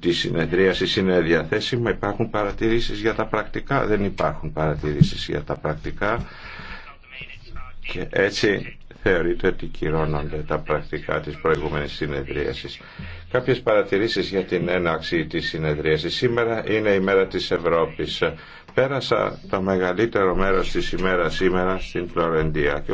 τη συνεδρίαση είναι διαθέσιμα. Υπάρχουν παρατηρήσεις για τα πρακτικά. Δεν υπάρχουν παρατηρήσεις για τα πρακτικά. Και έτσι θεωρείται ότι κυρώνονται τα πρακτικά της προηγούμενης συνεδρίασης. Κάποιες παρατηρήσεις για την έναξη της συνεδρίασης. Σήμερα είναι η μέρα της Ευρώπης. Πέρασα το μεγαλύτερο μέρος της ημέρας σήμερα στην Φλωρεντία